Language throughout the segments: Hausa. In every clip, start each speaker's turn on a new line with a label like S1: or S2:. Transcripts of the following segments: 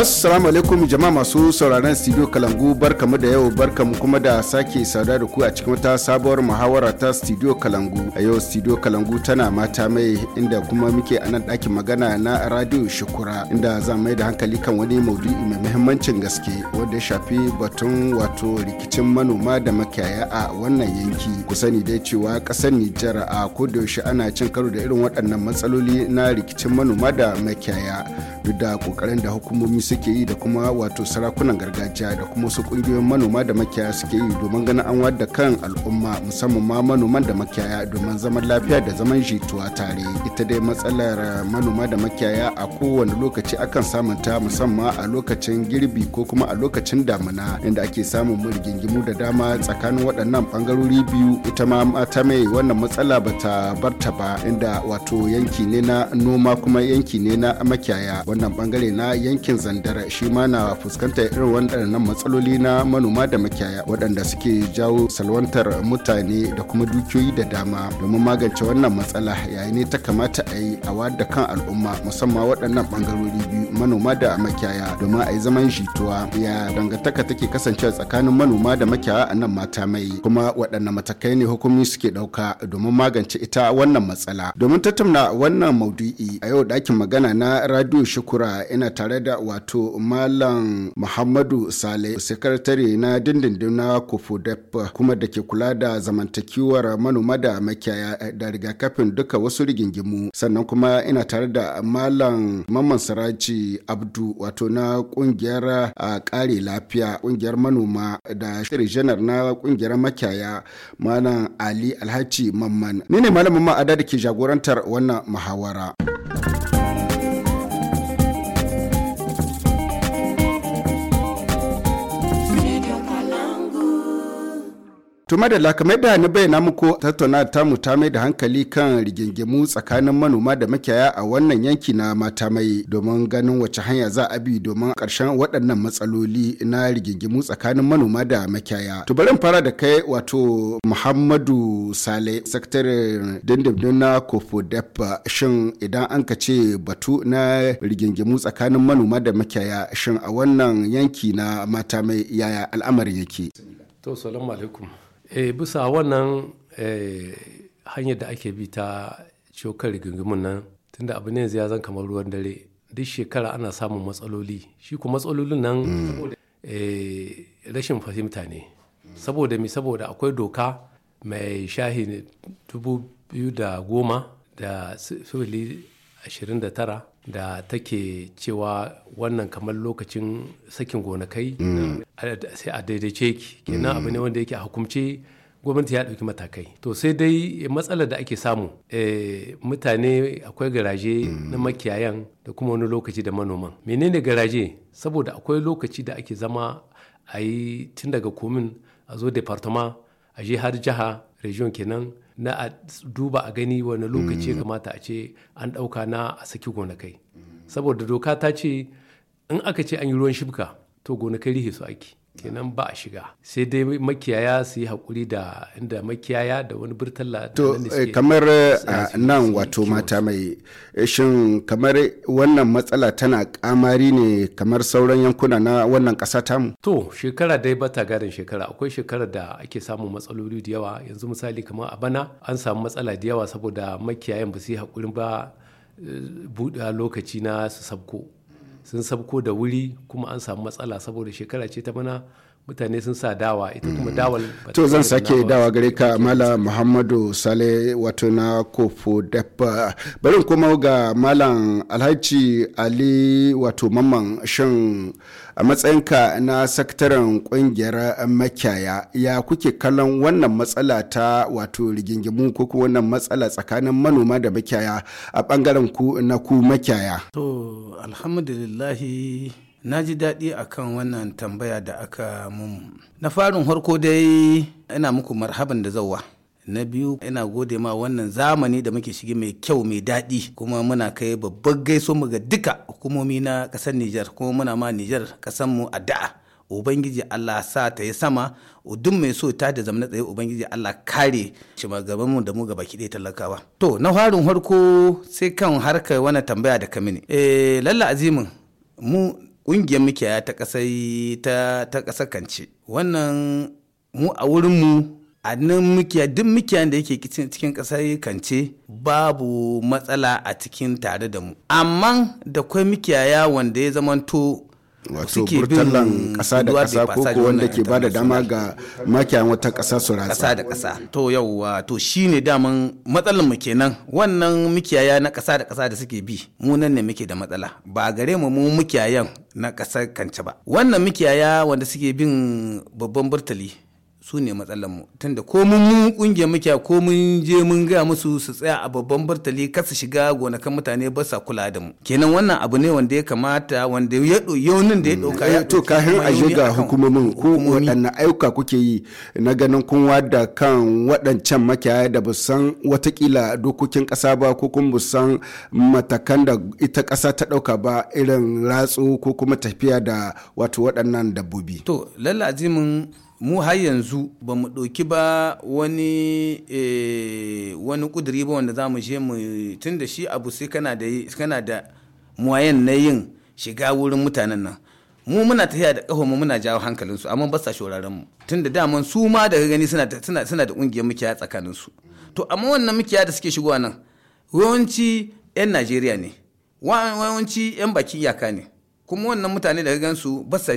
S1: Assalamu alaikum jama'a masu sauraron studio Kalangu barkamu da yau barkamu kuma da sake sauda da ku a cikin wata sabuwar muhawara ta studio Kalangu. A yau studio Kalangu tana mata mai inda kuma muke a nan ɗakin magana na radio Shukura inda za mai da hankali kan wani maudu'i mai muhimmancin gaske wanda ya shafi batun wato rikicin manoma da makiyaya a wannan yanki. Ku sani dai cewa ƙasar Nijar a kodayaushe ana cin karo da irin waɗannan matsaloli na rikicin manoma da makiyaya duk da ƙoƙarin da hukumomi suke yi da kuma wato sarakunan gargajiya da kuma wasu kungiyoyin manoma da makiyaya suke yi domin ganin an wadda kan al'umma musamman ma manoman da makiyaya domin zaman lafiya da zaman jituwa tare ita dai matsalar manoma da makiyaya a kowane lokaci akan samun ta musamman a lokacin girbi ko kuma a lokacin damina inda ake samun murgingimu da dama tsakanin waɗannan bangarori biyu ita ma mata mai wannan matsala bata barta ba inda wato yanki ne na noma kuma yanki ne na makiyaya wannan bangare na yankin zan mandara shi ma na fuskantar irin waɗannan matsaloli na manoma da makiyaya waɗanda suke jawo salwantar mutane da kuma dukiyoyi da dama domin magance wannan matsala yayin ne ta kamata a yi a da kan al'umma musamman waɗannan ɓangarori biyu manoma da makiyaya domin a yi zaman jituwa ya dangantaka take kasancewa tsakanin manoma da makiyaya a nan mata mai kuma waɗanne matakai ne hukumi suke ɗauka domin magance ita wannan matsala domin tattauna wannan maudu'i a yau ɗakin magana na radio shukura ina tare da wato wato Malam Muhammadu Sale sakatare na dindindin na Kofodep kuma da ke kula da zamantakewar manoma da makiyaya da rigakafin duka wasu rigingimu sannan kuma ina tare da Malam Mamman Siraji Abdu wato na kungiyar a kare lafiya kungiyar manoma da shirin na kungiyar makiyaya Malam Ali Alhaji Mamman. Ni ne Malam Mamman Ada da ke jagorantar wannan muhawara. Tuma da lakamai da na bayyana muku tattauna mu ta mai da hankali kan rigingimu tsakanin manoma da makiyaya a wannan yanki na mata mai domin ganin wace hanya za a bi domin karshen waɗannan matsaloli na rigingimu tsakanin manoma da makiyaya. bari fara da kai wato Muhammadu Sale, sakataren dindindin na kofo Kofodep shin idan an ka ce batu na rigingimu tsakanin manoma da makiyaya shin a wannan yanki na mata mai yaya al'amarin yake.
S2: To, salamu alaikum. e, bisa wannan e, hanyar da ake bi ta cokar rigingimun nan tunda abu ne ya zan kamar ruwan dare duk shekara ana samun matsaloli shi kuma matsalolin nan eh, rashin fahimta ne saboda mi saboda akwai doka mai shahi dubu biyu da goma da sifili 29 da take cewa wannan kamar lokacin sakin gonakai sai a daidaice ki kenan abu ne wanda yake a hukumce gwamnati ya ɗauki matakai to sai dai matsalar da ake samu eh, mutane akwai garaje na makiyayan da kuma wani lokaci da manoman menene garaje saboda akwai lokaci da ake zama a yi tun daga komin a zo departama a je har jiha region kenan na a duba a gani wani lokaci kamata a ce an ɗauka na a saki gonakai saboda doka ta ce in aka ce an yi ruwan shibka to gonakai rihe su ake kenan ba a shiga sai dai makiyaya su yi haƙuri da inda makiyaya da wani birtalla to eh, kamar
S1: eh, nan wato mata mai eh, shin kamar wannan matsala tana kamari ne kamar sauran yankuna na wannan ƙasa
S2: tamu to shekara dai ba ta garin shekara akwai shekara da ake samun matsaloli da yawa yanzu misali kamar a bana an samu matsala da yawa saboda makiyayan ba su yi hakuri ba buɗa lokaci na su sabko sun sabko da wuri kuma an samu matsala saboda shekara ce ta bana mutane sun sa dawa ita kuma mm. dawal to zan sake dawa
S1: gare ka mala muhammadu sale wato na kofo dabba barin kuma ga malam alhaji ali wato mamman shan a matsayinka na sakataren kungiyar makiyaya ya kuke kallon wannan matsala ta wato rigingimu ko kuma wannan matsala tsakanin manoma da makiyaya a bangaren ku na ku makiyaya
S3: to alhamdulillahi na ji daɗi a kan wannan tambaya da aka mun na farin harko dai ina muku marhaban da zauwa na biyu ina gode ma wannan zamani da muke shige mai kyau mai daɗi kuma muna kai babban gaiso mu ga duka hukumomi na ƙasar Nijar kuma muna ma Nijar ƙasar mu da'a ubangiji Allah sa ta yi sama udun mai so ta da zamana tsaye ubangiji Allah kare shi gabanmu da mu gaba kiɗe talakawa to na harin harko sai kan harkar wani tambaya da kamini eh lalla azimin mu ƙungiyar mukiyaya ta ƙasar ta ƙasar kance wannan mu a wurin mu a nan mukiya duk mukiyan da yake cikin ƙasar kance babu matsala a cikin tare da mu amma da kwai mukiyaya wanda ya zamanto wato burtallan kasa da kasa ko wanda ke bada dama
S1: ga makiyan wata kasa su ratsa kasa
S3: da kasa to yauwa to shine daman matsalar mu kenan wannan mikiyaya na kasa da kasa da suke bi mu nan ne muke da matsala ba gare mu mu mukiyayan na kasar kanci ba wannan mikiyaya wanda suke bin babban burtali su ne matsalar mu tunda ko mun mu kungiya muke ko mun je mun ga musu su tsaya a babban bartali kar su shiga gonakan mutane ba sa kula da mu kenan wannan abu ne wanda ya kamata wanda ya yaunin da ya doka ya eh, to kafin a shiga
S1: hukumomin ko waɗanne ayyuka kuke yi na ganin kun wada kan wadancan makiyaya da ba san watakila dokokin kasa ba ko kuma ba san matakan da ita kasa ta ɗauka ba irin ratsu ko kuma tafiya da wato waɗannan dabbobi
S3: to lallazimin mu har yanzu ba mu ɗauki ba wani eh, wani ƙuduri ba wanda za mu je mu tun da shi abu sai kana da kana muwayen na yin shiga wurin mutanen nan mu muna tafiya da ƙafa mu muna jawo hankalinsu amma ba sa shoraren mu tun da daman su ma daga gani suna da ƙungiyar mukiya tsakanin su to amma wannan mukiya da suke shigowa nan yawanci 'yan Najeriya ne yawanci 'yan baki iyaka ne kuma wannan mutane daga gansu ba sa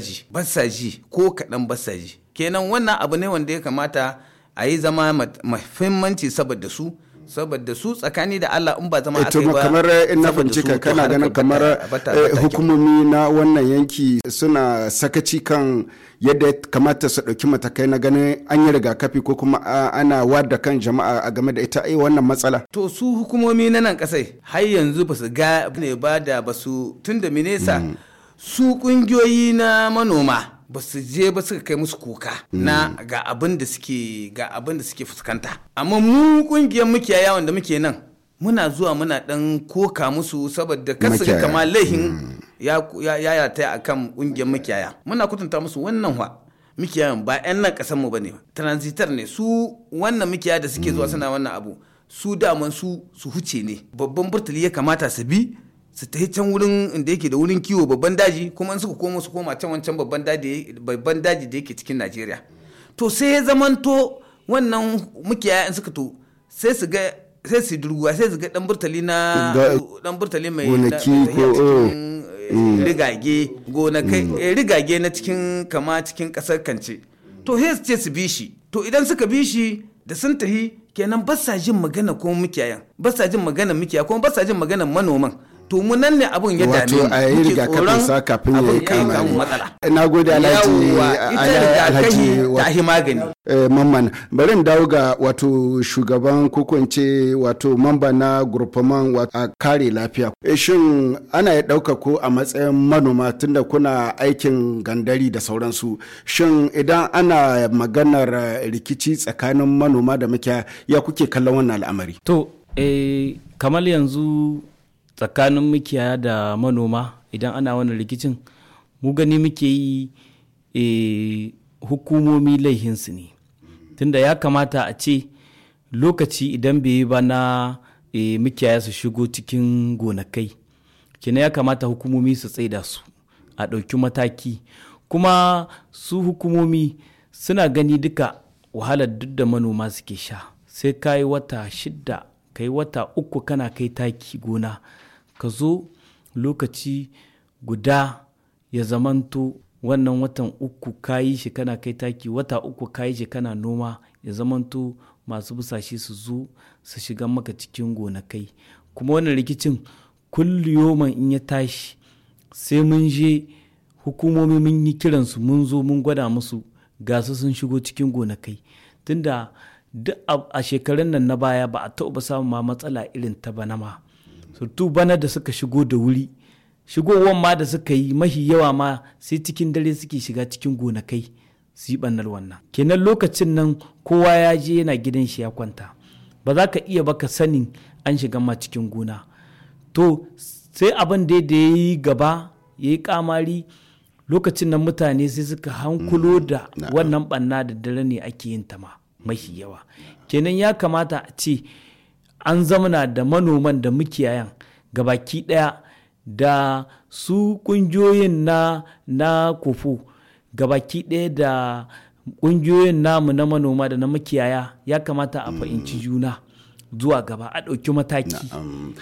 S3: ji ko kaɗan ba ji kenan wannan abu ne wanda ya kamata a yi zama mahimmanci saboda su saboda su tsakani da Allah in ba zama eh, a kai ba kamar eh, in na fahimci ka kana ganin kamar eh,
S1: hukumomi na wannan yanki suna sakaci kan yadda kamata su ɗauki matakai na ganin an yi rigakafi ko kuma ana wada kan jama'a a game da ita ai wannan matsala to su
S3: hukumomi na nan kasai har yanzu ba su ga ne ba da ba su tun da minesa mm. su kungiyoyi na manoma ba su je ba suka kai musu kuka na ga abin da suke ga abin da suke fuskanta amma mu kungiyar mukiyaya wanda muke nan muna zuwa muna dan koka musu saboda kasu ga kama laihin hmm. ya ya ta akan kungiyar mukiyaya muna kutunta musu wannan wa mukiyayan ba yan nan kasan mu bane transitor ne su wannan mukiyaya da suke zuwa hmm. suna wannan abu su daman su su huce ne babban burtuli ya kamata su bi su ta can wurin inda yake da wurin kiwo babban daji kuma an suka koma su koma can wancan babban daji babban daji da yake cikin Najeriya to sai ya zamanto wannan mukiyaya in suka to sai su ga sai su durguwa sai su ga dan burtali na dan burtali mai oh, eh, mm. rigage gonakai mm. eh, rigage na cikin kama cikin kasar kance to sai su ce su bi shi to idan suka bi shi da sun tahi kenan ba sa jin magana ko mukiyayan ba sa jin magana mukiya kuma ba sa jin magana manoman to mu nan ne abun ya dame wato a yi rigakafin sa kafin ya kama matsala na gode alhaji alhaji tahi
S1: magani eh, mamman bari dawo ga wato shugaban kukunce wato mamba na gurfaman a kare lafiya eh, shin ana ya ɗauka ko a matsayin manoma tunda kuna aikin gandari da sauransu shin idan ana maganar eh, rikici tsakanin manoma da muke ya kuke kallon wannan al'amari
S4: to eh kamar yanzu tsakanin makiyaya da manoma idan ana wannan rikicin mu gani muke yi e, hukumomi laihinsu ne tunda ya kamata a ce lokaci idan bai yi ba na e, makiyaya su shigo cikin gonakai kina ya kamata hukumomi su tsaida su a ɗauki mataki kuma su hukumomi suna gani duka wahalar duk da manoma suke sha sai ka yi wata shidda ka wata uku kana kai taki gona ka zo lokaci guda ya zamanto wannan watan uku kayi shi kana kai taki wata uku kayi shi kana noma ya zamanto masu busashe su zo su shiga maka cikin gonakai kuma wannan rikicin kulliyoman in ya tashi sai mun je hukumomi mun yi kiransu mun zo mun gwada musu gasu sun shigo cikin gonakai tunda duk a shekarun nan na baya ba a taɓa samun ma matsala irin ta banama ma surtu bana da suka shigo da wuri shigowar ma da suka yi mahi yawa ma sai cikin dare suke shiga cikin gonakai su yi bannar wannan kenan lokacin nan kowa ya je yana gidan shi ya kwanta ba za ka iya baka sanin an shiga ma cikin gona to sai abin da ya yi gaba ya yi kamari lokacin nan mutane sai suka hankulo mm, da wannan ɓanna da dare ne ake yin ta ma mahi yawa kenan ya kamata a ce an zamana da manoman da mukiyayan gabaki daya da su ƙungiyoyin na na kofo gabaki daya da ƙungiyoyin namu na manoma da na makiyaya ya kamata a fahimci juna zuwa gaba a ɗauki mataki eh,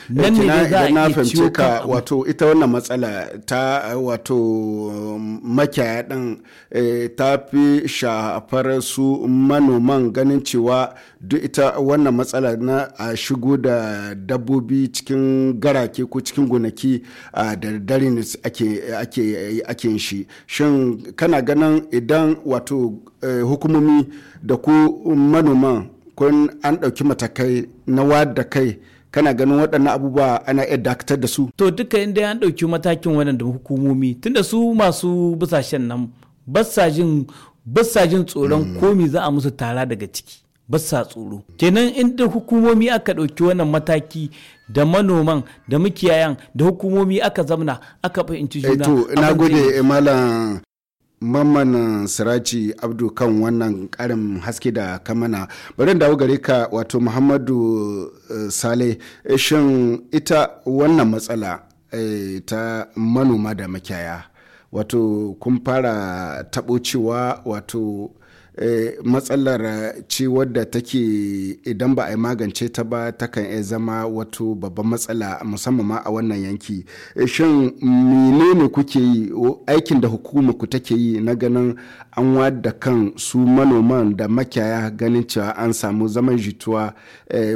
S4: nan ne za a iya ciwo ka
S1: wato ita wannan matsala ta wato um, makiyaya ɗin eh, ta fi shafar su manoman ganin cewa duk ita wannan matsala na a shigo da dabbobi cikin garake ko cikin gonaki a dare ne ake shi shin kana ganin idan wato eh, hukumomi da ku manoman kun an ɗauki matakai na wada kai kana ganin waɗannan abubuwa ana iya dakatar da su. To duka inda an ɗauki matakin waɗanda hukumomi tunda su masu busashen nan
S4: basajin basajin tsoron mm. komi za a musu tara daga ciki basa tsoro kenan inda hukumomi aka ɗauki wannan mataki da manoman da makiyayan da hukumomi aka zamna aka fahimci eh juna. to na gode
S1: mamman siraci abdu kan wannan karin haske da kamana bari dawo gare ka wato muhammadu eh, sale eh, shin ita wannan matsala eh, ta manoma da makiyaya wato kun fara taɓo cewa wato Eh, matsalar eh, ce wadda take idan ba a yi magance ta ba takan iya zama wato babban matsala musamman ma a wannan yanki eh, shin menene kuke yi aikin da hukuma ku take yi na ganin an wadda kan su manoman da makiyaya ganin cewa an samu zaman jituwa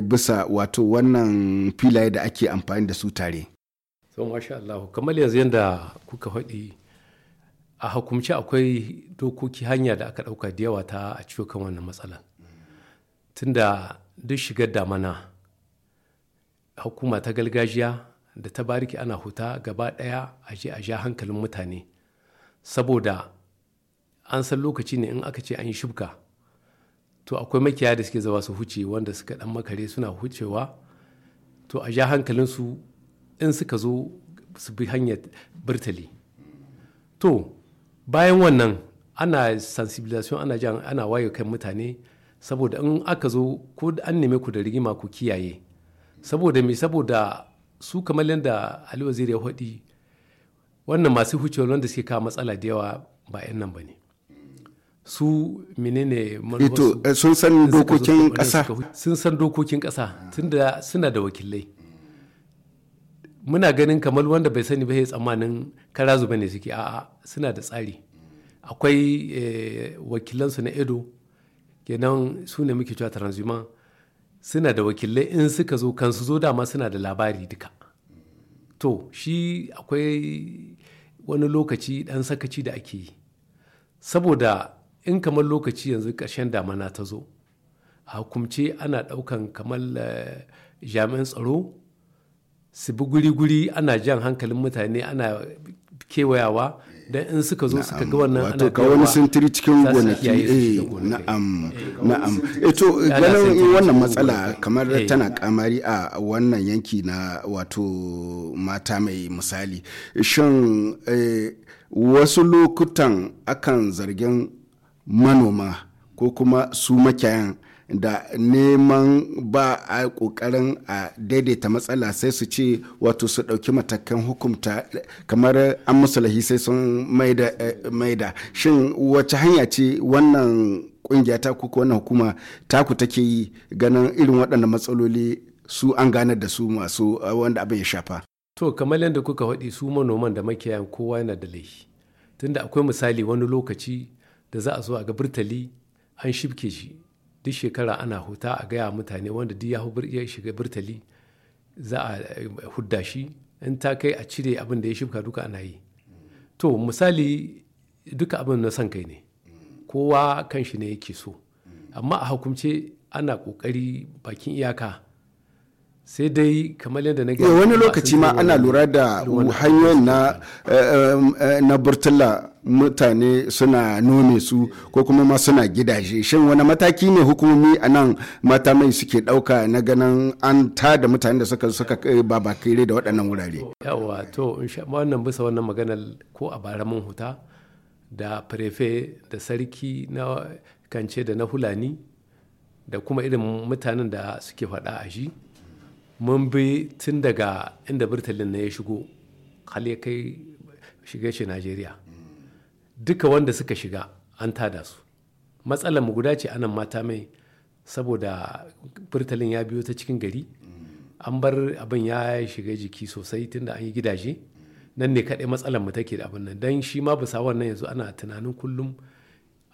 S1: bisa wato wannan filaye da ake amfani da su tare.
S2: kamar yanzu yadda kuka faɗi a hukumce akwai dokoki hanya da aka ɗauka da yawa ta a ciwo kan wannan matsalan tunda duk shigar damana hukuma ta gargajiya da ta bariki ana huta gaba ɗaya a je a ja hankalin mutane saboda an san lokaci ne in aka ce an yi shubka to akwai makiya da suke zama su huce wanda suka ɗan makare suna hucewa to a ja hankalin su in suka zo su bi hanyar birtali to bayan wannan ana sensibilisation ana jan ana waye kan mutane saboda in aka zo ko an neme ku da rigima ku kiyaye saboda me saboda su kamar yadda Ali Waziri ya faɗi wannan masu hucewar wanda suke kawo matsala da yawa ba 'yan nan ba ne su menene eh, sun san dokokin kasa sun san dokokin ƙasa tunda suna da wakilai muna ganin kamar wanda bai sani ba ya tsammanin kara zuba ne suke a'a suna da tsari akwai eh, wakilansu na edo kenan su ne muke cewa transhuman suna da wakilai in suka zo kansu zo dama suna da labari duka to shi akwai wani lokaci dan sakaci da ake yi saboda in kamar lokaci yanzu ƙarshen damana ta zo a hukumce ana ɗaukan kamar eh, jami'an tsaro su bi guri-guri ana jan hankalin mutane ana kewayawa da in suka zo suka ga wannan ana ka wani sintiri
S1: cikin gonaki eh na'am na'am eh, eh to ganin wannan matsala kamar eh. tana kamari a wannan yanki na wato mata mai misali shin eh, wasu lokutan akan zargin manoma ko kuma su makiyayan da neman ba a kokarin a daidaita matsala sai su ce wato su ɗauki matakan hukumta kamar an lahi sai sun eh, maida shin wace hanya ce wannan kungiya ta kuka wannan hukuma taku take yi ganin irin waɗannan matsaloli su an ganar da su masu eh, wanda abin ya shafa
S2: to kamar yadda kuka faɗi su manoman da makiyayan kowa yana da laifi tunda akwai misali wani lokaci da za a zo a ga birtali an shibke shi duk shekara ana huta a gaya mutane wanda duk ya shiga birtali za a eh, hudda shi in ta kai a cire abin da ya shifka duka ana yi to misali duka abin na son kai ne kowa kan shi ne yake so amma a hukumce ana kokari bakin iyaka sai dai kamar yadda na gani eh, wani lokaci ma ana lura da
S1: hanyoyin na eh, eh, na burtula mutane suna nome su ko kuma ma suna gidaje shin wani mataki ne hukumomi a nan mata mai suke ɗauka na ganin an ta da mutane da suka suka baba da waɗannan wurare
S2: yawa to wannan bisa wannan maganar ko a bara mun huta da prefe da sarki na kance da na hulani da kuma irin mutanen da suke faɗa a shi mun bi tun daga inda birtalin na ya shigo hal ya kai shiga shi najeriya duka wanda suka shiga an tada su matsalar mu guda ce anan mata mai saboda birtalin ya biyo ta cikin gari an bar abin ya shiga jiki sosai tunda an yi gidaje nan ne kaɗai matsalar mu take da abin nan don shi ma bisa wannan yanzu ana tunanin kullum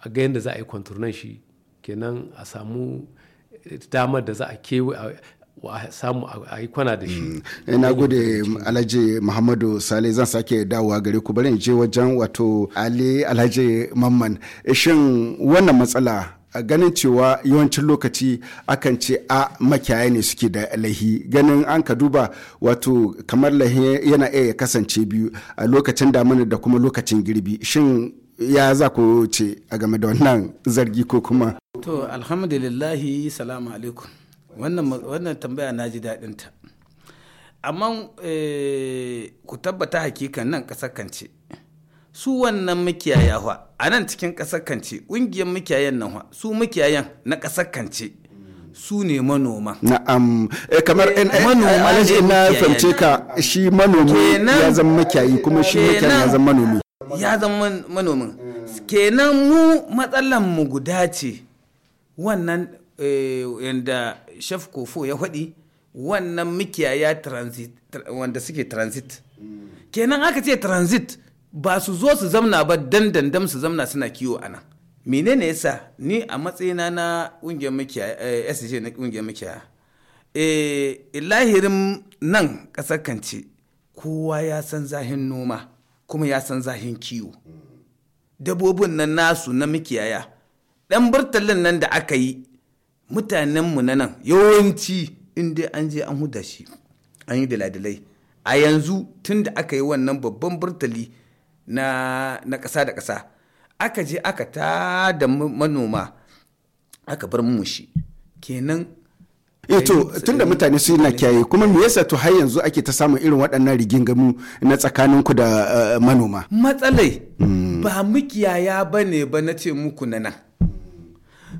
S2: a ga yadda za a yi kwanturnan shi kenan a samu damar da za a kewa wa samu a yi kwana da shi. Mm. Eh, na gode
S1: alhaji muhammadu sale zan sake dawowa gare ku bari je wajen wato ali alhaji mamman eh, shin wannan matsala a ganin cewa yawancin lokaci akan ce a makiyaya ne suke da lahi ganin an ka duba wato kamar lahi yana iya ya kasance biyu a lokacin damina da kuma lokacin girbi shin ya za ku ce a game da wannan zargi ko kuma
S3: to alhamdulillahi salamu alaikum wannan tambaya na ji daɗinta amma eh, ku tabbata hakikan nan ƙasar kance su wannan makiyaya fa a nan cikin ƙasar kance ƙungiyar makiyayan nan fa su makiyayan na ƙasar kance su ne
S1: manoma na'am eh, kamar eh, manoma ne na fahimce ka shi manomi ya zama makiyayi kuma shi makiyayi ya zama manomi
S3: ya zama manomin kenan mu matsalan mu guda ce wannan Eh, yadda chef kofo ya faɗi wannan mikiyaya wanda suke transit kenan aka ce transit ba su zo su zamna ba dan dandam su zamna suna kiwo a nan menene yasa ni a matsayina na ƙungiyar mikiyaya eh, sj na ƙungiyar mikiyaya eh, lahirin nan ƙasar kance kowa ya san zahin noma kuma ya san zahin kiwo dabobin nan nasu na mikiyaya ɗan burtalin nan da aka yi mutanenmu na nan yawanci in dai an je an huda shi an yi daladalai a yanzu tun da aka yi wannan babban burtali na ƙasa da ƙasa aka je aka ta da manoma aka bar mu kenan eh to tun da
S1: mutane su na kyaye kuma me yasa to har yanzu ake ta samun irin waɗannan rigingamu na tsakaninku da eh, manoma
S3: matsalai
S1: hmm. ba
S3: mukiyaya ba ne ba na ce muku na nan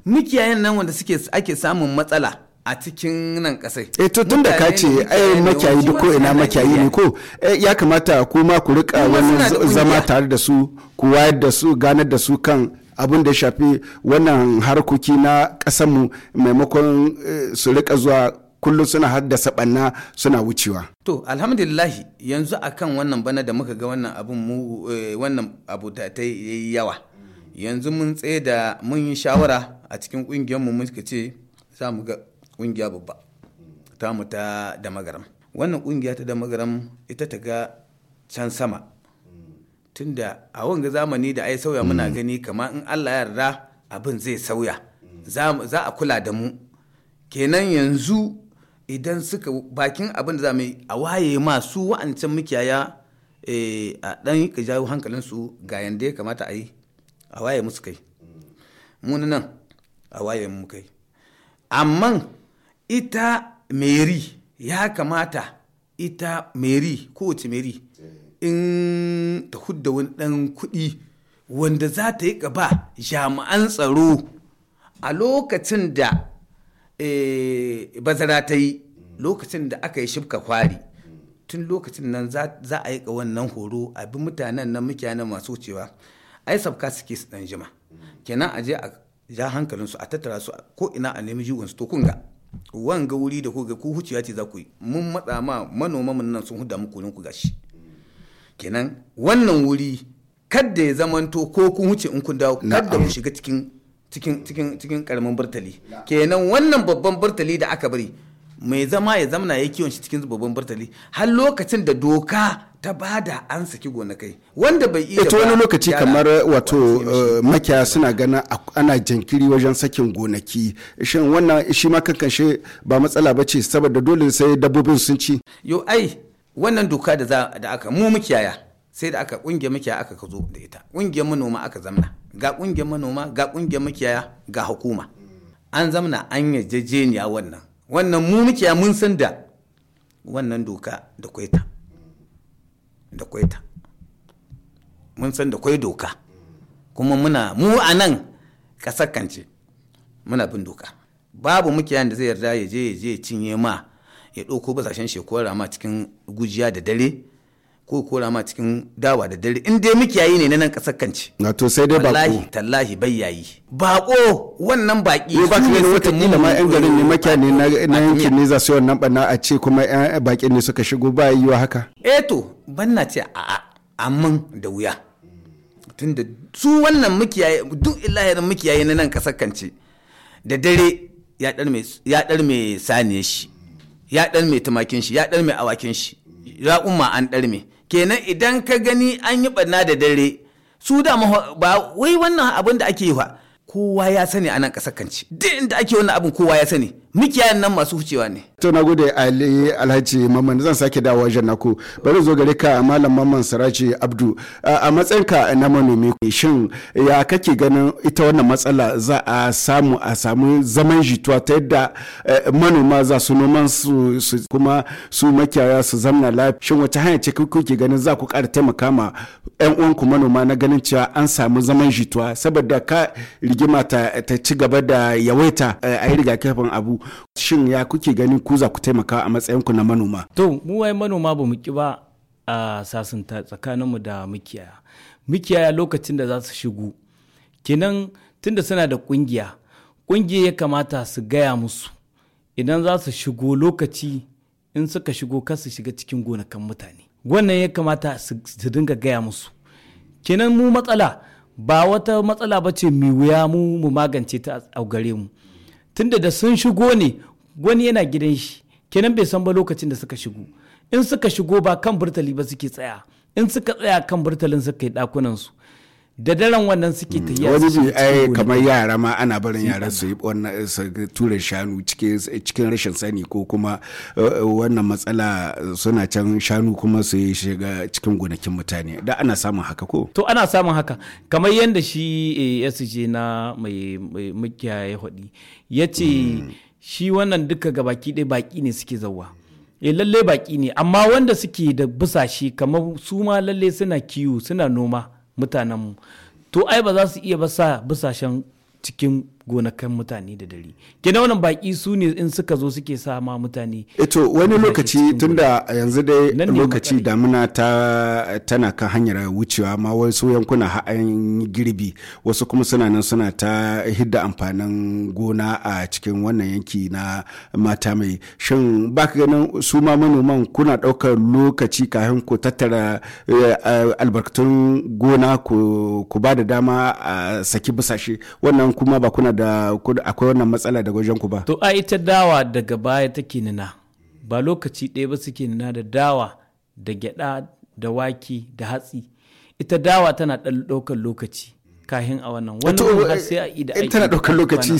S3: mikiyayen nan wanda suke ake samun matsala a cikin nan kasai. E to tun da ka ce ai makiyayi duk ko ina makiyayi ne
S1: ko eh, ya kamata ku ma ku rika wani zama tare da su ku wayar da su ganar da su kan abin da shafi wannan harkoki na kasanmu maimakon eh, su rika zuwa kullum suna haddasa banna suna wucewa.
S3: To alhamdulillahi yanzu akan wannan bana da muka ga wannan abun mu wannan abu ta yi yawa. yanzu mun tsaye da mun yi shawara a cikin ƙungiyarmu muka ce za mu ga kungiya babba ta mu ta damagaram wannan kungiya ta damagaram ita ta ga can sama tunda a wanga zamani da ai sauya muna mm. gani kamar in allah yarda abin zai sauya za a kula da mu kenan yanzu idan suka bakin abin da za mu a waye ma su wa'ancan mukiyaya eh, a ɗan ka jawo hankalinsu ga yanda ya kamata a yi a waye musu kai mun nan a waye mu kai amma ita meri ya kamata ita meri kowace meri eh. in ta hudda wani dan kudi wanda za ta yi gaba jama'an tsaro a lokacin da eh, bazara ta yi lokacin da aka yi shibka kwari hmm. tun lokacin nan za a yi wannan horo abin mutanen nan na masu wucewa ai sabka suke su dan jima kenan a je a ja su a tattara su ko ina a nemi jiwon su to kun ga wanga wuri da kuga ku huciya ce za ku yi mun matsa ma manoma mun nan sun huda muku wurin ku gashi kenan wannan wuri kadda ya zamanto ko kun huce in kun dawo kadda mu shiga cikin cikin cikin cikin karamin burtali kenan wannan babban burtali da aka bari mai zama ya zamana ya kiwon shi cikin babban burtali har lokacin da doka ta bada an saki gonakai
S1: wanda bai iya ba wani lokaci kamar wato eh, makiya suna gana ana jinkiri wajen sakin gonaki shi wannan shi ma kankan shi ba matsala ba ce saboda dole sai dabbobin sun ci
S3: yo ai wannan doka da da aka mu makiyaya sai da aka kungiyar makiyaya aka kazo da ita kungiyar manoma aka zamna ga kungiyar manoma ga kungiyar makiyaya ga hukuma an zamna an yajejeniya wannan wannan mu makiyaya mun san da wannan doka da kwaita da kwai ta mun san da kwai doka kuma muna mu a nan ƙasar kance muna bin doka babu muke da zai yarda ya je ya je cinye ma ya ɗauko basashen shekora ma cikin gujiya da dare ko kora ma cikin dawa da dare in dai yayi ne na nan kasar kanci
S1: na to sai dai bako wallahi
S3: tallahi bai yayi bako wannan baki ne ba kuma wata kila ma yan garin ne makiya
S1: ne na yankin ne za su wannan bana a ce kuma yan baki ne suka shigo ba yiwa haka
S3: eh to banna ce a amman da wuya tunda su wannan mukiyaye duk illahirin mukiyaye na nan kasar kanci da dare ya dar mai saniye shi ya dar mai tumakin shi ya dar mai awakin shi ya umma an dar mai kenan idan ka gani an yi ɓanna da dare su da ba wai wannan abin da ake yi fa kowa ya sani a nan ƙasar kanci duk inda ake wannan abin kowa ya sani mikiyayen nan masu wucewa
S1: ne to na gode ali alhaji mamman zan sake dawowa wajen naku bari zo gare ka malam mamman saraji abdu a matsayinka na manomi shin ya kake ganin ita wannan matsala za a samu a samu zaman jituwa ta yadda eh, manoma za su noman su kuma su makiyaya su zamna lafiya shin wata hanya ce kuke ganin za ku ƙara taimaka ma 'yan uwanku manoma na ganin cewa an samu zaman jituwa saboda ka rigi rigima ta, ta ci gaba da yawaita eh, a yi rigakafin abu shin ya kuke ganin ku za ku taimaka a matsayinku na manoma
S4: to mu wai manoma ba mu ki ba a sasanta tsakaninmu da mukiyaya mukiyaya lokacin da za su shigo kenan tunda suna da kungiya kungiya ya kamata su gaya musu idan za su shigo lokaci in suka shigo kar su shiga cikin gonakan mutane wannan ya kamata su dinga gaya musu kenan mu matsala ba wata matsala ba ce mai wuya mu mu magance ta a gare mu tunda da sun shigo ne wani yana gidan shi kenan bai san ba lokacin da suka shigo in suka shigo ba kan burtali ba suke tsaya in suka tsaya kan burtalin suka yi dakunan su da daren wannan suke mm. ta yi wani bi ai kamar yara
S1: ma ana barin yara su yi wannan tura shanu cikin rashin sani ko kuma eh, eh, wannan matsala eh, suna can shanu kuma su shiga cikin gonakin mutane da ana samun haka ko
S4: to ana samun haka kamar yadda shi suje na mai mukiyaye hudi ya ce mm. shi wannan duka ga baki ɗaya baki ne suke zauwa e lalle baki ne amma wanda suke da busashi kamar su ma lalle suna kiwo suna noma mutanenmu to ai ba za su iya sa bisashen cikin gonakan mutane da dare kenan wannan baki su ne in suka zo suke sa ma mutane
S1: eto eh wani lokaci tunda yanzu dai lokaci damina ta tana kan hanyar wucewa ma wasu yankuna ha'ayin girbi wasu kuma suna nan suna ta hidda amfanin gona a cikin wannan yanki na mata mai shin ba ka ganin su ma manoman kuna ɗaukar lokaci kafin ku tattara eh, albarkatun gona ku ba da dama a saki busashe wannan kuma ba kuna da akwai wannan matsala daga wajen ku ba to
S4: a ita dawa daga baya take nuna ba lokaci ɗaya ba suke nuna da dawa da gyada da wake da hatsi ita dawa tana ɗan ɗaukar lokaci kahin a wannan wani har sai a ida aiki tana ɗaukar lokaci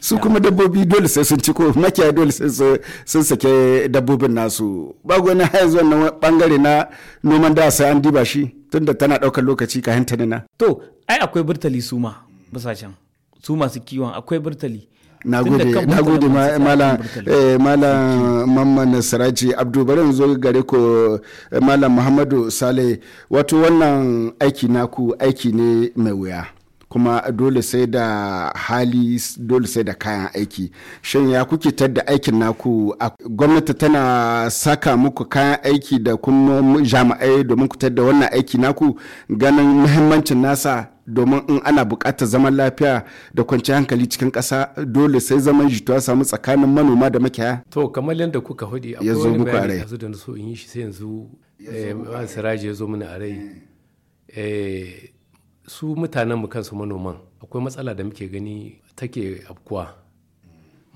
S1: su kuma dabbobi dole sai sun ci ko makiya dole sai sun sake dabbobin nasu ba gwani har yanzu wannan bangare na noman da sai an diba shi tunda tana ɗaukar lokaci kahin ta nuna
S4: to ai akwai burtali su ma basashen su masu kiwon akwai burtali
S1: na gode malam eh, mamman saraji abdu zo gare ko eh, malam muhammadu sale wato wannan aiki naku aiki ne mai wuya kuma dole sai da hali dole sai da kayan aiki shin ya kuke tadda aikin naku gwamnati tana saka muku kayan aiki da kuma jami'ai domin ku tadda wannan aiki naku ganin muhimmancin nasa domin in ana bukatar zaman lafiya da kwanciyar hankali cikin kasa dole sai zaman jituwa samu tsakanin manoma da makiyaya.
S2: To kamar yadda kuka hudi a kowane bayani yanzu da so in yi shi sai yanzu eh, Siraji ya zo mini a rai. Eh, su mutanen mu kansu manoman akwai matsala da muke gani take afkuwa.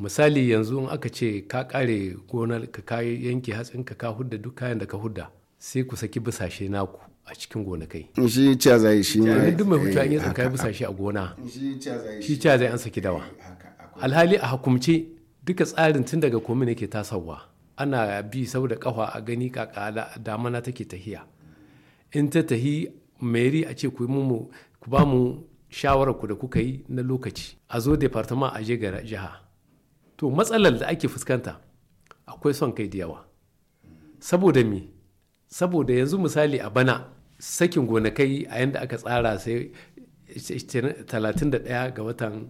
S2: Misali yanzu in aka ce ka kare gonar ka yanke hatsin ka ka hudda duk kayan da ka hudda sai ku saki bisashe naku a cikin gonakai
S1: shi ca zai shi ne duk mai hutu an yi eh, tsinka bisa
S2: shi a gona shi ca zai an saki dawa eh, alhali a hukumce duka tsarin tun daga komi ne ke tasawa ana bi saboda kafa a gani da damana take tahiya in ta tahi meri a ce ku mu ku ba mu shawarar ku da kuka yi na lokaci a zo departama a je ga jiha to matsalar da ake fuskanta akwai son kai da yawa saboda mi saboda yanzu misali a bana sakin gonakai a yadda aka tsara sai 31 ga watan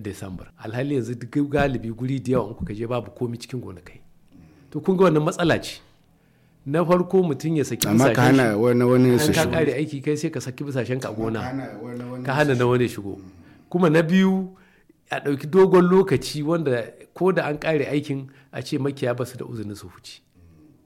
S2: Desambar. Alhali yanzu duk galibi guri da yawa kuka je babu komi cikin gonakai. To kun ga wannan matsala ce. Na farko mutum ya saki bisashen ka hana wani
S1: wani su shigo. Ka kare
S2: aiki kai sai ka saki bisashen ka gona. Ka hana na wani shigo. Kuma na biyu a ɗauki dogon lokaci wanda ko da an kare aikin a ce makiya ba su da uzurin su huce.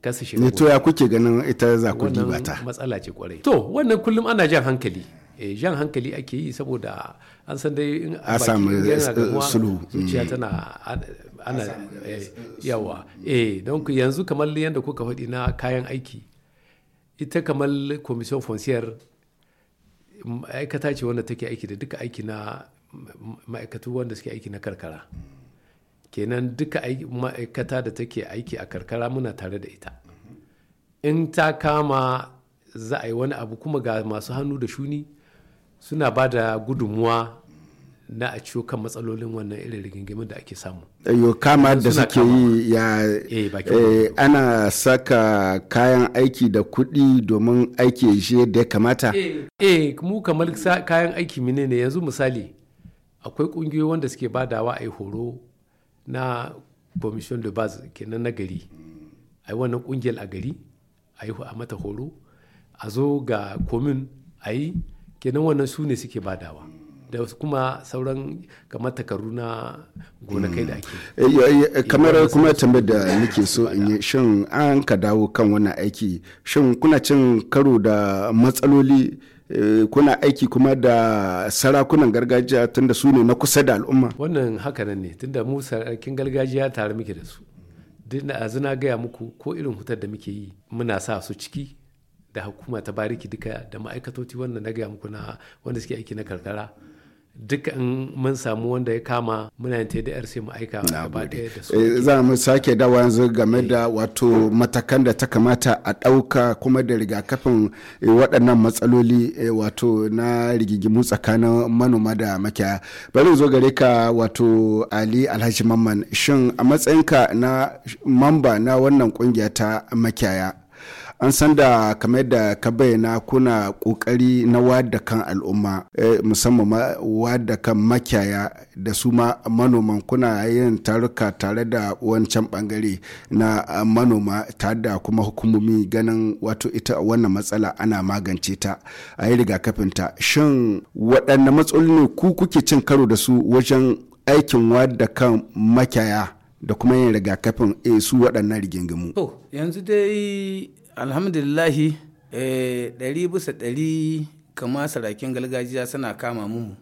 S2: kasa shiga ne to
S1: ya kuke ganin ita za ku diba ta
S2: matsala ce kwarai to wannan kullum ana jan hankali e, jan hankali ake yi saboda an san dai in a samu eh, sulu zuciya mm. tana ana eh, yawa eh don ku yanzu kamar yadda kuka faɗi na kayan aiki ita kamar commission foncier ma'aikata ce wanda take aiki da duka aiki na ma'aikatu wanda suke aiki na karkara kenan duka ma'aikata da take aiki a karkara muna tare da ita in ta kama za a yi wani abu kuma ga masu hannu da shuni suna ba da gudunmuwa na a ciwo kan matsalolin wannan irin rigingimin da ake samu. Yo kama da suke
S1: yi ya eh, eh, ana saka kayan aiki da kuɗi domin aiki shi da ya kamata?
S2: Eh, eh mu kamar kayan aiki mine ne yanzu misali akwai ƙungiyoyi wanda suke badawa a yi horo na commission de base kenan na gari a yi wannan kungiyar a gari a yi a mata horo a zo ga komin a yi kenan wannan su ne suke badawa da kuma sauran kamar takardu na gonakai da ake mm. eh, eh, eh, kamar kuma
S1: tambayar da nake so in yi shin an ka dawo kan wannan aiki shin kuna cin karo da matsaloli Eh, kuna aiki kuma da sarakunan gargajiya tunda su ne na kusa da
S2: al'umma wannan hakanan ne tunda mu sarakin gargajiya tare muke da su duk a zina gaya muku ko irin hutar da muke yi muna sa su ciki da hukuma ta bariki duka da ma'aikatoci wannan na gaya muku na wanda suke aiki na karkara duk mun samu wanda ya kama muna yin TDR sai mu aika gaba ɗaya da su. Eh,
S1: za mu sake dawa yanzu game da wato matakan da ta kamata a ɗauka kuma da rigakafin eh, waɗannan matsaloli eh, wato na rigigimu tsakanin manoma da makiyaya. Bari zo gare ka wato Ali Alhaji Mamman shin a matsayinka na mamba na wannan ƙungiya ta makiyaya. an san da kamar da ka bayyana kuna kokari na wada kan al'umma eh, musamman ma wada kan makiyaya da su ma manoman kuna yin taruka tare da wancan bangare na ah, manoma tare da kuma hukumomi ganin wato ita wannan matsala ana magance ta a yi rigakafin ta shin waɗanne matsaloli ne ku kuke cin karo da su wajen aikin wada kan makiyaya da kuma yin rigakafin eh, su waɗannan rigingimu.
S3: To yanzu dai alhamdulillahi eh, ɗari bisa ɗari kama sarakin galgajiya suna kama mu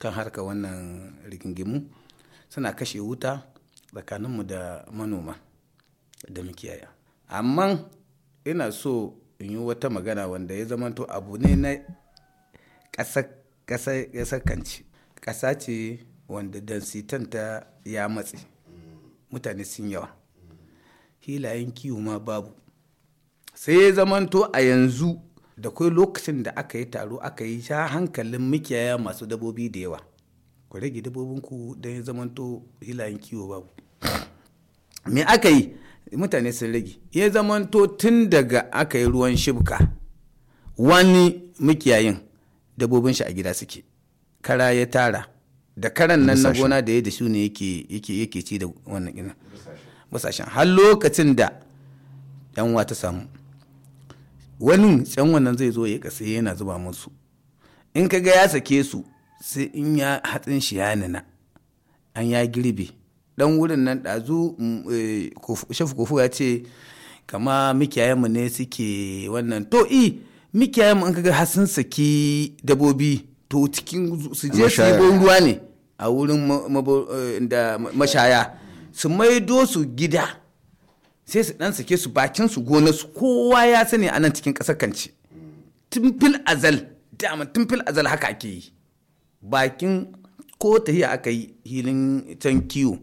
S3: kan harka wannan rigingimu suna kashe wuta tsakaninmu da manoma da mukiyaya amma ina so in yi wata magana wanda ya zamanto abu ne na ƙasar kanci ƙasa ce wanda dansitanta ya matse mutane sun yawa hilayen kiwo ma babu sai ya zamanto a yanzu da kai lokacin da aka yi taro aka yi sha hankalin mikiyaya masu dabobi da yawa ku rage dabobinku don ya zamanto hilayen kiwo babu me aka yi mutane sun rage ya zamanto tun daga aka yi ruwan shibka wani mikiyayin dabobin shi a gida suke kara ya tara da karan nan na gona da ya da shi ne yake ci da wannan gina basashen har lokacin da yan ta samu wani can wannan zai zo ya kasa yana zuba musu in kaga ya sake su sai in ya hatsin shi ya nuna an ya girbe dan wurin nan ɗazu mm, eh, shafi kofu ya ce kama mikiyayenmu ne suke wannan to i mikiyayenmu in kaga har sun saki dabobi to cikin su je su yi ruwa ne a wurin eh, mashaya su maido su gida sai su dan sake su bakin su gona su kowa ya sani anan cikin ƙasar kanci tun fil azal dama tun fil azal haka ake yi bakin ko ta yi aka yi hilin can kiwo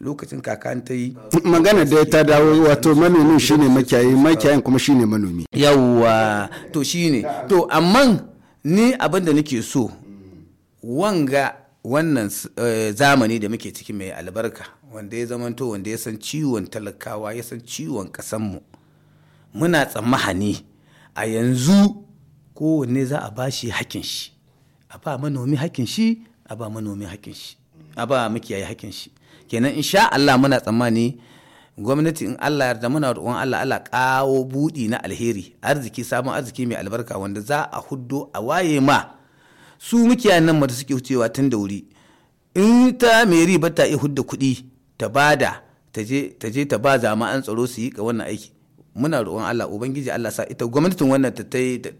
S3: lokacin kakan ta yi
S1: magana da ta dawo wato manomin shine makiyayi makiyayin kuma shine manomi yawwa
S3: to shine to amma ni abin da nake so wanga wannan eh, zamani da muke ciki mai albarka wanda ya zamanto wanda ya san ciwon talakawa ya san ciwon kasanmu muna tsammahani a yanzu kowanne za a ba shi hakin shi a ba manomi hakin shi a ba manomi hakin shi a ba makiyayi hakin shi kenan insha Allah muna tsammani gwamnati in Allah yarda muna roƙon Allah Allah kawo buɗi na alheri arziki sabon arziki mai albarka wanda za a huddo a waye ma su mukiya nan mata suke wucewa tun da wuri in ta meri ba ta iya hudda kuɗi ta bada ta je ta ba jama'an tsaro su yi ga wannan aiki muna roƙon Allah ubangiji Allah sa ita gwamnatin wannan ta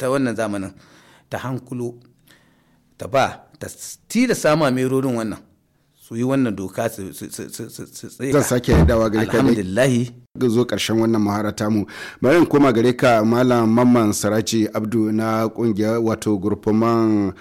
S3: ta wannan zamanin ta hankulo ta ba ta ti da sama merorin wannan su yi wannan doka su tsaye zan
S1: sake zo karshen wannan muhara tamu bayan koma gare ka malam mamman saraci abdu na kungiyar wato gurfuman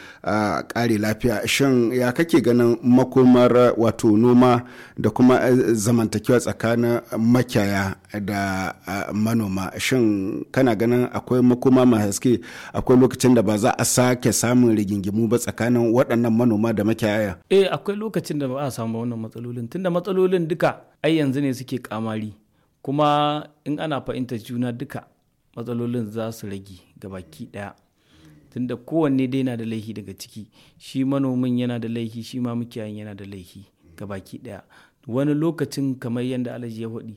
S1: kare lafiya shin ya kake ganin makomar wato noma da kuma eh, zamantakewa tsakanin makiyaya da manoma shin kana ganin akwai makoma mai haske akwai lokacin da ba za a sake samun rigingimu ba tsakanin waɗannan manoma da makiyaya
S4: eh akwai lokacin da ba a samu wannan matsalolin tunda matsalolin duka ai yanzu ne suke kamari kuma in ana fahimtar juna duka matsalolin za su rage baki ɗaya tunda kowanne dai na da laifi daga ciki shi manomin yana da laifi shi ma mukiyayen yana da laifi baki ɗaya wani lokacin kamar yadda alaji ya faɗi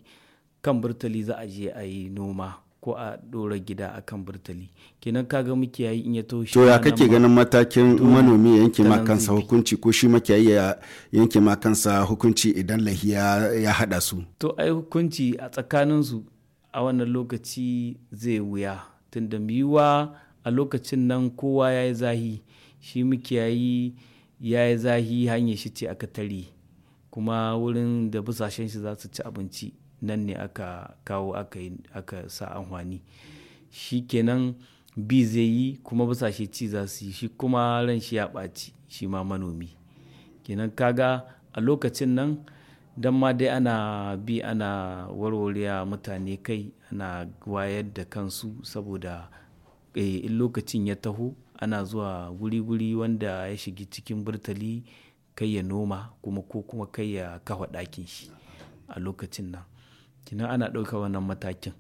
S4: kan burtali za a je a yi noma ko a ɗora gida akan burtali kenan kaga makiyayi in ya to shi ya kake ganin matakin manomi yanke ma kansa
S1: hukunci ko shi makiyayi ya yanke ma kansa hukunci idan lahiya ya haɗa su
S4: to ai hukunci a tsakanin su a wannan lokaci zai wuya tunda miwa a lokacin nan kowa ya yi zahi shi makiyayi ya yi zahi hanyar shi ce aka tare kuma wurin da busashen shi za su ci abinci nan ne aka kawo aka, aka sa amfani shi kenan bi zai yi kuma bisa shi ci za su yi shi kuma ran shi ya ɓaci shi ma manomi kenan kaga a lokacin nan don ma dai ana bi ana warware mutane kai ana wayar da kansu saboda eh, in lokacin ya taho ana zuwa guri-guri wanda ya shigi cikin burtali kai ya noma kuma ko kuma kai ya kafa ɗakin shi a lokacin nan kina ana ɗauka wannan matakin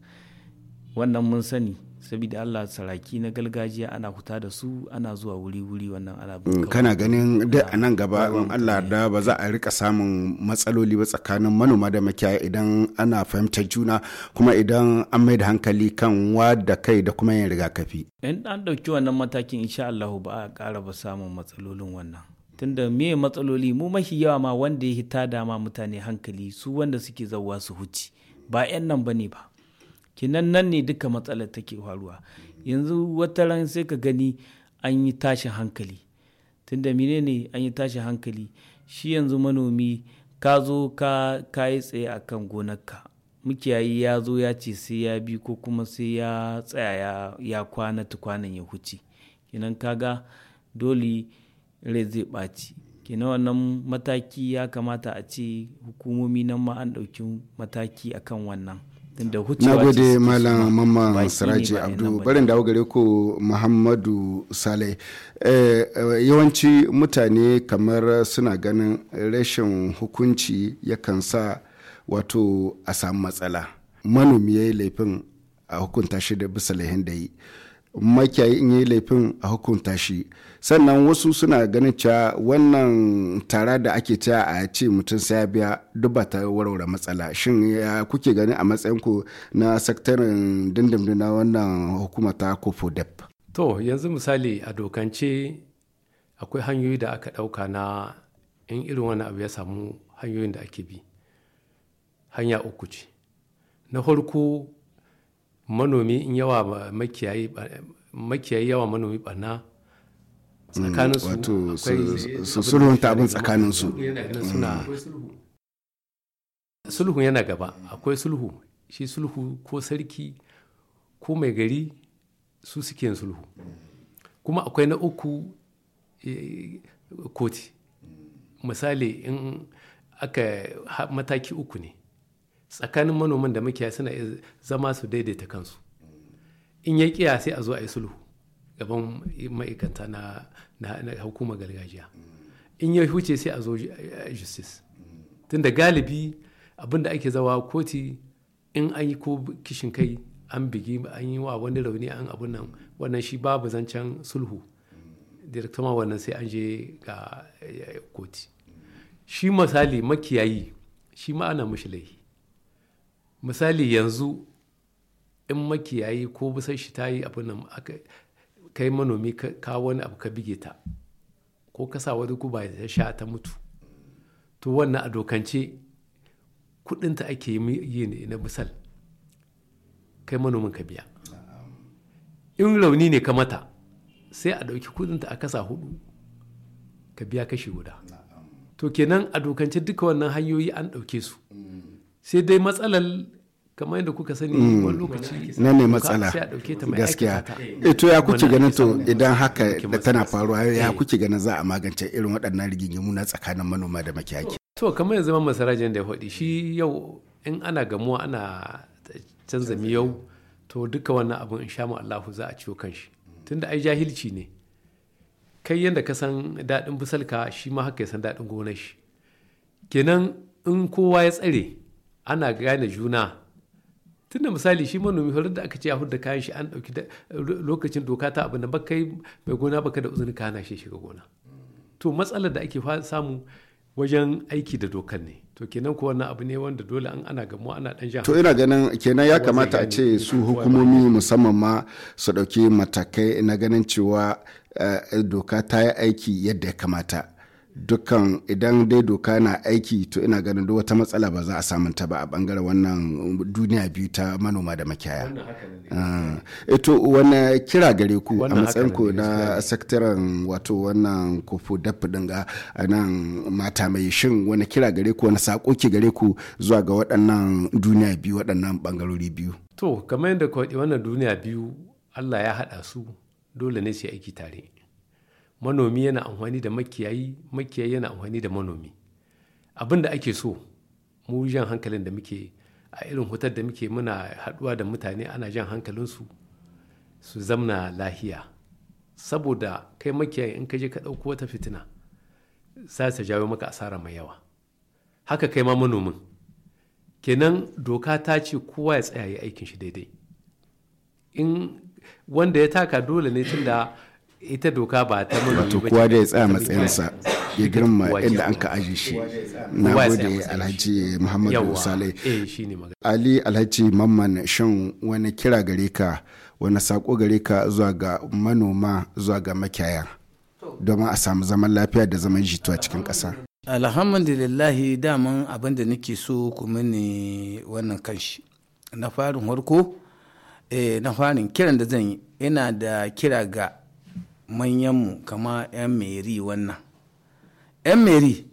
S4: wannan mun sani saboda Allah saraki na galgajiya ana kuta da su ana zuwa wuri-wuri wannan alabu mm, kana ganin
S1: dai a nan gaba in Allah da ba za a rika samun matsaloli ba tsakanin manoma da makiyaya idan ana fahimtar juna kuma idan an mai da hankali kan wada kai da kuma yin rigakafi
S4: in an ɗauki wannan matakin insha Allah ba a ƙara ba samun matsalolin wannan tunda me matsaloli mu mafi yawa ma wanda ya hita dama mutane hankali su wanda suke zauwa su huce. ba 'yan nan ba ne ba kinan nan ne duka matsalar take faruwa yanzu wata ran sai ka gani an yi tashin hankali tunda mine ne an yi tashin hankali shi yanzu manomi ka zo ka yi tsaye a kan gonarka mukiyayi ya zo ya ce sai ya bi ko kuma sai ya tsaya ya kwana tukwanan ya huce kinan kaga dole rai zai ɓaci ke na wannan mataki ya kamata a ce hukumomi nan ma an ɗauki mataki akan wannan na gode
S1: malam mamma siraji abdu barin dawo gare ku muhammadu saleh eh, eh, yawanci mutane kamar suna ganin rashin hukunci yakan sa wato a samu matsala manomi ya yi laifin a hukunta shi da bisa laihin da yi makiyayi in yi laifin a hukunta shi sannan wasu suna ganin cewa wannan tara da ake ta a ce mutum sai biya duk ta warware matsala shin ya kuke gani a matsayin ku na sakataren dindindin na wannan hukuma ta kofodep
S2: to yanzu misali a dokance akwai hanyoyi da aka ɗauka na in irin wani abu ya samu hanyoyin da ake bi hanya uku ce na farko manomi in yawa makiyayi yawa manomi barna
S1: wato su sulhunta tsakanin mm.
S2: sulhu yana gaba akwai sulhu shi sulhu ko sarki ko mai gari su suke sulhu kuma akwai na uku eh, koti misali in aka mataki uku ne tsakanin manoman da makiya suna zama su daidaita kansu in ya kiya sai a zo a yi sulhu gaban ma'aikata na hukumar gargajiya in ya huce sai a zo justice tunda galibi abinda ake zawa koti in an yi ko kishin kai an bigi an yi wa wani rauni an abun nan wannan shi babu zancen sulhu ma wannan sai an je ga eh, koti shi misali makiyayi shi ma ana mashi laihi misali yanzu in makiyayi ko bisan shi ta yi abin nan kai manomi ka wani abu ka bige ta ko ka sa wani guba ta sha ta mutu to wannan a dokance kudinta ake yi ne na misal kai manomin ka biya in rauni ne ka mata sai a ɗauki kudinta a kasa hudu ka biya kashi guda to kenan a dokance duka wannan hanyoyi an ɗauke su sai dai matsalar kamar yadda kuka sani mm. wani lokaci na ne matsala gaskiya eh, to ya kuke ganin
S1: to idan haka da tana faruwa ya eh. kuke ganin za a magance irin waɗannan rigingimu na tsakanin manoma da makiyaki
S2: to kamar yanzu mamman sarajin da ya faɗi shi yau in ana gamuwa ana canza miyau to duka wannan abun in sha mu Allahu za a ciwo kanshi tunda ai jahilci ne kai yadda ka san daɗin bisalka shi ma haka ya san daɗin gonar shi kenan in kowa ya tsare ana gane juna tunda misali shi manomi horar da aka ce ya da kayan shi an ɗauki lokacin doka ta abin da bakai mai gona baka da uzuri kana shi shiga gona to matsalar da ake samu wajen aiki da dokan ne to kenan ko wannan abu ne wanda dole an ana gamuwa ana dan jaha to ina ganin kenan ya kamata a ce su hukumomi
S1: musamman ma su ɗauki matakai na ganin cewa eh, doka ta yi aiki yadda ya kamata dukkan idan dai doka na aiki to ina ganin duk wata matsala ba za a samun ta ba a bangaren wannan duniya biyu ta manoma da makiyaya eto ah. eh, wani kira gare ku a matsayin ku na sektoran wato wannan kofo dafa dinga a nan mata mai shin wani kira gare ku wani sako ki gare ku zuwa ga waɗannan duniya biyu waɗannan bangarori biyu
S2: to kamar yadda ka wannan duniya biyu Allah ya haɗa su dole ne su aiki tare manomi yana amfani da makiyayi makiyayi yana amfani da manomi abin da ake so mu jan hankalin da muke a irin hutar da muke muna haɗuwa da mutane ana jan hankalinsu su zamna lahiya saboda kai makiyayi in ka je ka ɗauko wata fitina za ta jawo maka asara mai yawa haka kai ma manomin kenan doka ta ce kowa ya tsaya ya aikin shi daidai in wanda ya taka dole ne tunda ita doka ba ta manomi wato kowa da ya tsaya matsayinsa
S1: ya girma inda an ka aji shi na gode alhaji muhammadu salai eh, ali alhaji mamman shan wani kira gare ka wani sako gare ka zuwa ga manoma zuwa ga makiyaya domin a samu zaman lafiya da zaman jituwa cikin ƙasa
S3: alhamdulillahi daman abin da nake so kuma ne wannan kanshi na farin harko eh, na farin kiran da zan yi ina da kira ga manyanmu kama 'yan meri wannan 'yan meri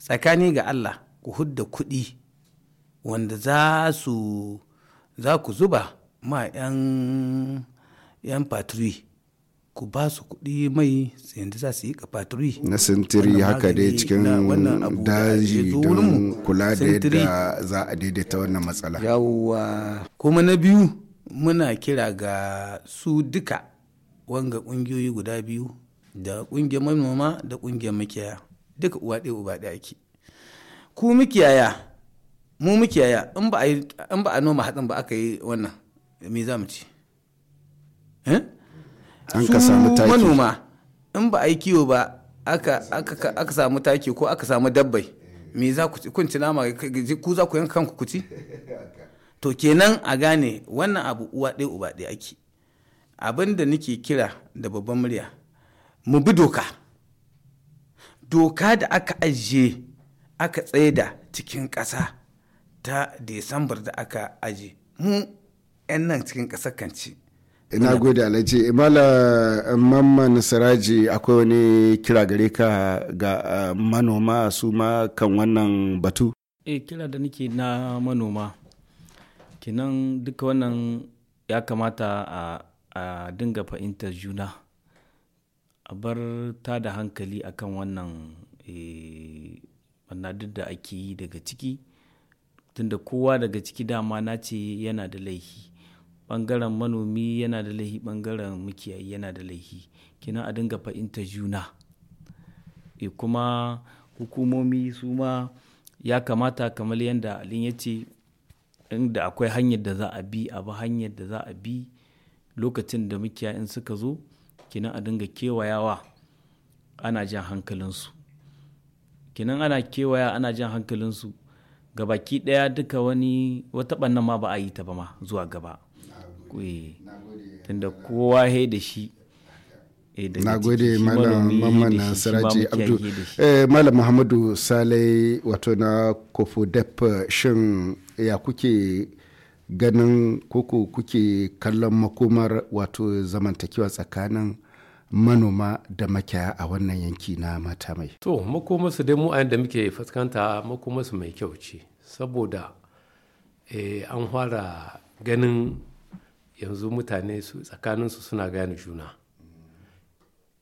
S3: tsakani ga allah ku hudda kuɗi wanda za su za ku zuba ma 'yan 'yan patri ku ba su kuɗi mai yadda za su yi ka patri na sintiri haka dai cikin
S1: daji don kula da yadda za a daidaita wannan matsala
S3: yawwa kuma na biyu muna kira ga su duka wanga ƙungiyoyi guda biyu da ƙungiyar manoma da ƙungiyar makiyaya duka uwa ɗaya uba ɗaya ake ku makiyaya mu makiyaya in ba a noma hatsin ba aka yi wannan me za mu ci eh?
S2: an ka samu taki manoma
S3: in ba a yi kiwo ba aka samu taki ko aka samu dabbai me za ku ci kun ci nama ku za ku yanka kanku ku ci to kenan a gane wannan abu uwa ɗaya uba ɗaya ake abin da nake kira da babban murya mu bi doka doka da aka ajiye aka tsaida cikin ƙasa ta desambar da aka ajiye mu 'yan nan cikin ƙasar kanci
S1: ina gode alhaji imala eh, eh, mamman nasaraji akwai wani kira gare ka ga eh, manoma su ma kan wannan batu
S4: e kira da nake na manoma kinan duka wannan ya kamata a a dinga fahimtar juna a bar ta da hankali akan wannan eh, wannan duk da ake yi daga ciki tunda kowa daga ciki dama na ce yana da laifi ɓangaren manomi yana da laihi bangaren mukiyayi yana da laifi kina a dinga fahimtar juna e kuma hukumomi su ma ya kamata kamar yadda alin ya ce inda akwai hanyar da za a bi a bi hanyar da za a bi lokacin da mukiya in suka zo kinan a dinga kewayawa ana jan hankalinsu kinan ana kewaya ana jan hankalinsu ga baki ɗaya duka wani wata ɓannan ma ba a yi ta ba ma zuwa gaba eh, tunda kowa he da shi eh, na gode malam eh,
S1: malam muhammadu salai wato na kofodep eh, shin ya kuke ganin koko kuke kallon makomar wato zamantakewa tsakanin manoma da makiya a wannan yanki na mata mai
S2: to makomarsu dai mu a da muke fuskanta makomarsu mai kyau ce saboda e, an fara ganin yanzu mutane su tsakaninsu suna gane juna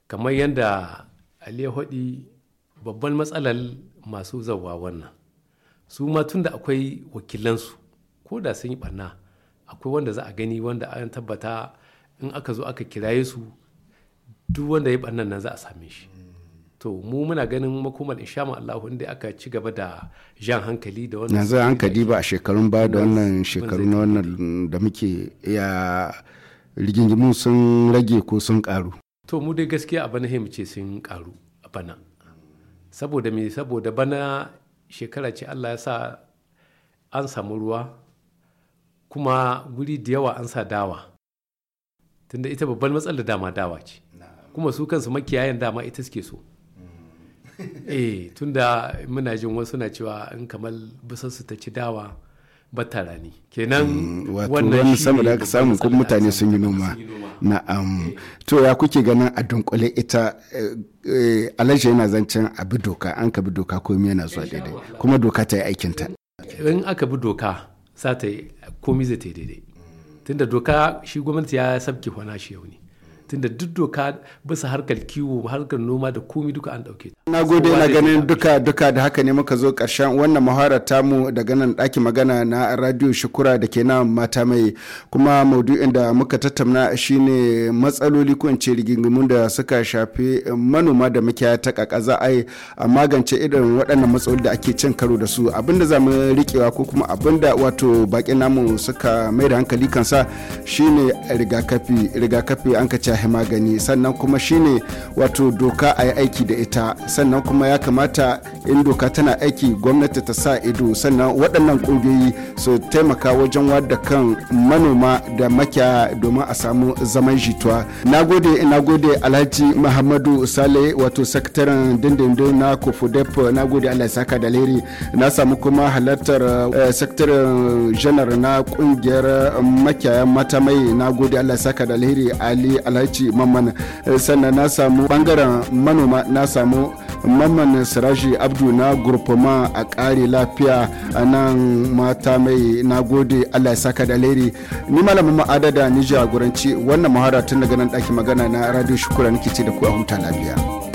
S2: kamar yadda aliyu haɗi babban matsalar masu zawa wannan su ma tun da akwai wakilansu ko da sun yi barna akwai wanda za a gani wanda an tabbata in aka zo aka kiraye su duk wanda ya barnan nan za a same shi to mu muna ganin makomar insha Allah inda aka ci gaba da jan hankali da wannan yanzu
S1: hankali ba a shekarun ba da wannan shekaru na wannan da muke ya rigingimu sun rage ko sun karu
S2: to mu dai gaskiya a bana mu ce sun karu a bana saboda me saboda bana shekara ce Allah ya sa an samu ruwa kuma guri da yawa an sa dawa tunda ita babbar matsalar dama dawa ce kuma su kansu makiyayan dama ita suke so mm. eh tunda muna jin wasu na cewa in kamar su ta ci dawa bata rani kenan mm, wannan sama da aka samu kuma
S1: mutane sun yi noma na'am to ya kuke ganin a dunkule ita eh, alaji yana zancen a bi doka an ka bi doka komai yana zuwa daidai kuma doka ta yi aikinta
S2: in aka bi doka sa ta komi zai ta daidai tunda doka shi gwamnati ya sabke hana shi yau ne tunda duk doka bisa harkar kiwo harkar noma da komi duka an dauke na gode na ganin
S1: duka duka da haka ne muka zo karshen wannan muhara tamu daga nan daki magana na radio shukura da ke na mata mai kuma maudu'in da muka tattauna shine matsaloli ko ince rigingimun da suka shafi manoma da muke ta kakaza ai a magance irin waɗannan matsaloli da ake cin karo da su abinda za mu ko kuma abinda wato bakin namu suka mai da hankali kansa shine rigakafi rigakafi an ka shahi magani sannan kuma shine wato doka a yi aiki da ita sannan kuma ya kamata in doka tana aiki gwamnati ta sa ido sannan waɗannan ƙungiyoyi su taimaka wajen wadda kan manoma da makiya domin a samu zaman jituwa na gode na gode alhaji muhammadu sale wato sakataren dindindin na dep na gode allah saka da na samu kuma halartar eh, sakataren janar na kungiyar makiyayan mata mai na gode allah saka da ali alhaji alhaji mamman eh, sannan na samu bangaren manoma na samu mamman siraji abdu na gurfuma a kare lafiya a nan mata mai na gode allah saka da leri ni malamin ma'adada ni Guranci wannan mahara tun daga nan ɗakin magana na radio shukura nake ce da ku a huta lafiya.